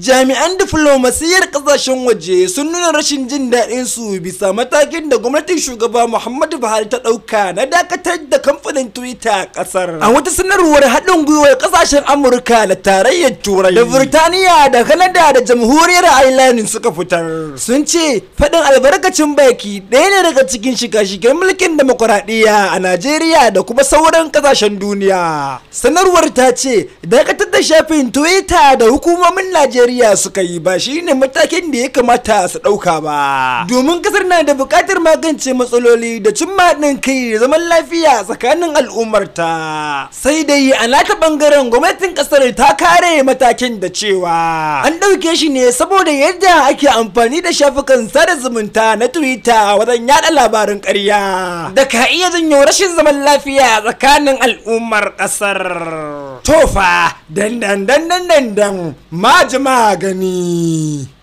jami'an diflomasiyyar kasashen waje sun nuna rashin jin daɗin su bisa matakin da gwamnatin shugaba muhammadu buhari ta ɗauka na dakatar da kamfanin twitter a ƙasar a wata sanarwar haɗin gwiwar kasashen amurka da tarayyar turai da Burtaniya da kanada da jamhuriyar ireland suka fitar sun ce faɗin albarkacin baki ɗaya ne daga cikin shiga shigen mulkin demokuraɗiyya a najeriya da kuma sauran kasashen duniya sanarwar ta ce dakatar da shafin twitter da hukumomin najeriya Najeriya suka yi ba shine matakin da ya kamata su ɗauka ba. Domin ƙasar na da buƙatar magance matsaloli da cimma maɗin kai da zaman lafiya tsakanin al'ummarta. Sai dai a nata ɓangaren gwamnatin ƙasar ta kare matakin da cewa an ɗauke shi ne saboda yadda ake amfani da shafukan sada zumunta na Twitter wajen yaɗa labarin ƙarya da ka iya janyo rashin zaman lafiya tsakanin al'ummar ƙasar. tofa dandan dandan dandan majima gani